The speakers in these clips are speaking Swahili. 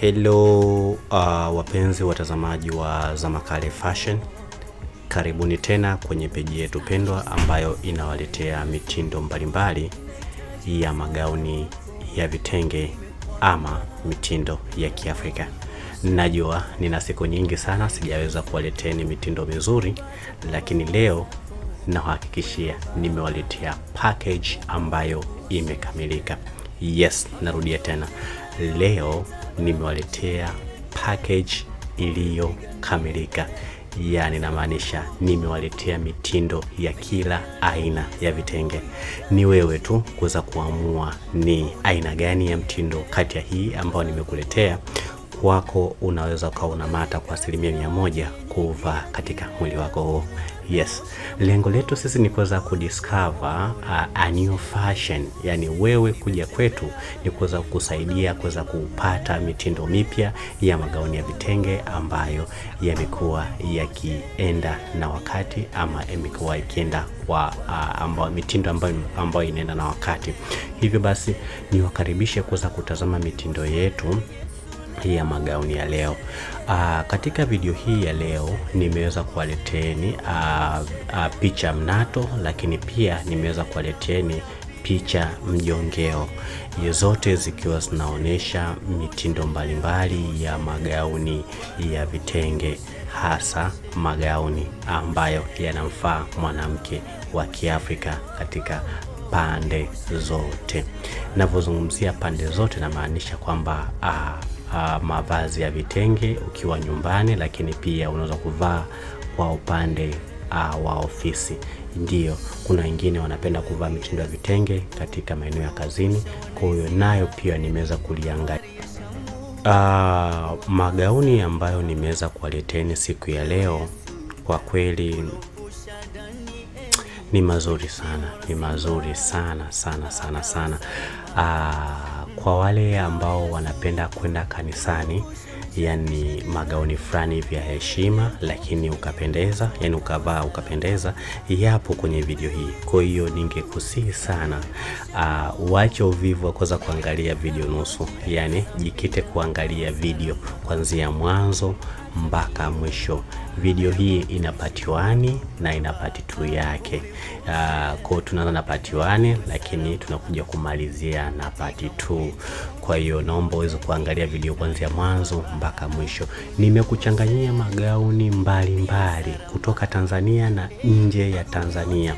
Hello uh, wapenzi watazamaji wa Zamakale Fashion, karibuni tena kwenye peji yetu pendwa ambayo inawaletea mitindo mbalimbali ya magauni ya vitenge ama mitindo ya Kiafrika. Najua nina siku nyingi sana sijaweza kuwaleteni mitindo mizuri, lakini leo nahakikishia nimewaletea package ambayo imekamilika. Yes, narudia tena leo nimewaletea package iliyokamilika yaani namaanisha nimewaletea mitindo ya kila aina ya vitenge. Ni wewe tu kuweza kuamua ni aina gani ya mtindo kati ya hii ambayo nimekuletea wako unaweza ukawa unamata kwa asilimia mia moja kuvaa katika mwili wako huo. Yes, lengo letu sisi ni kuweza kudiscover a, uh, a new fashion, yani wewe kuja kwetu ni kuweza kukusaidia kuweza kupata mitindo mipya ya magauni ya vitenge ambayo yamekuwa yakienda na wakati ama imekuwa ikienda kwa uh, ambayo mitindo ambayo, ambayo inaenda na wakati. Hivyo basi niwakaribishe kuweza kutazama mitindo yetu ya magauni ya leo. Aa, ah, katika video hii ya leo nimeweza kuwaleteni ah, ah, picha mnato, lakini pia nimeweza kuwaleteni picha mjongeo, zote zikiwa zinaonyesha mitindo mbalimbali ya magauni ya vitenge, hasa magauni ambayo yanamfaa mwanamke wa Kiafrika katika pande zote. navyozungumzia pande zote, namaanisha kwamba uh, mavazi ya vitenge ukiwa nyumbani, lakini pia unaweza kuvaa kwa upande uh, wa ofisi. ndio kuna wengine wanapenda kuvaa mitindo ya vitenge katika maeneo ya kazini, kwa hiyo nayo pia nimeweza kuliangalia. Uh, magauni ambayo nimeweza kuwaleteni siku ya leo kwa kweli ni mazuri sana, ni mazuri sana sana sana sana. Uh, kwa wale ambao wanapenda kwenda kanisani, yani magauni fulani vya heshima, lakini ukapendeza, yani ukavaa ukapendeza, yapo kwenye video hii. Kwa hiyo ningekusihi sana uh, uache uvivu wa kuweza kuangalia video nusu, yani jikite kuangalia video kuanzia mwanzo mpaka mwisho. Video hii ina part 1 na ina part 2 yake. Uh, kwa tunaanza na part 1 lakini tunakuja kumalizia na part 2. Kwa hiyo naomba uweze kuangalia video kuanzia mwanzo mpaka mwisho. Nimekuchanganyia magauni mbalimbali mbali kutoka Tanzania na nje ya Tanzania.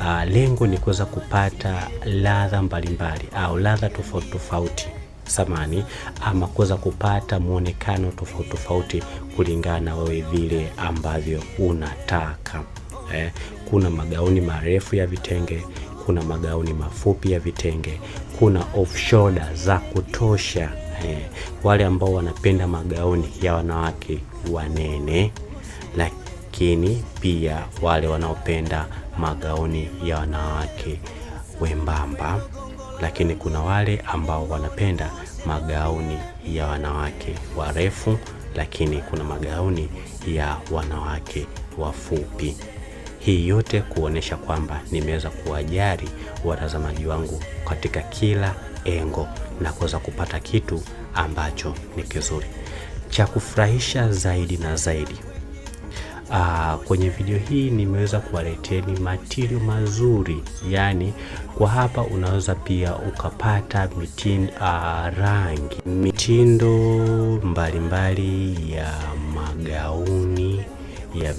Uh, lengo ni kuweza kupata ladha mbalimbali au ladha tofauti tofauti samani ama kuweza kupata mwonekano tofauti tofauti kulingana na wewe vile ambavyo unataka eh. Kuna magauni marefu ya vitenge, kuna magauni mafupi ya vitenge, kuna off shoulder za kutosha eh. Wale ambao wanapenda magauni ya wanawake wanene lakini pia wale wanaopenda magauni ya wanawake wembamba lakini kuna wale ambao wanapenda magauni ya wanawake warefu, lakini kuna magauni ya wanawake wafupi. Hii yote kuonesha kwamba nimeweza kuwajali watazamaji wangu katika kila engo na kuweza kupata kitu ambacho ni kizuri cha kufurahisha zaidi na zaidi. Uh, kwenye video hii nimeweza kuwaleteni matirio mazuri, yani kwa hapa unaweza pia ukapata mitindo, uh, rangi mitindo mbalimbali mbali ya magauni ya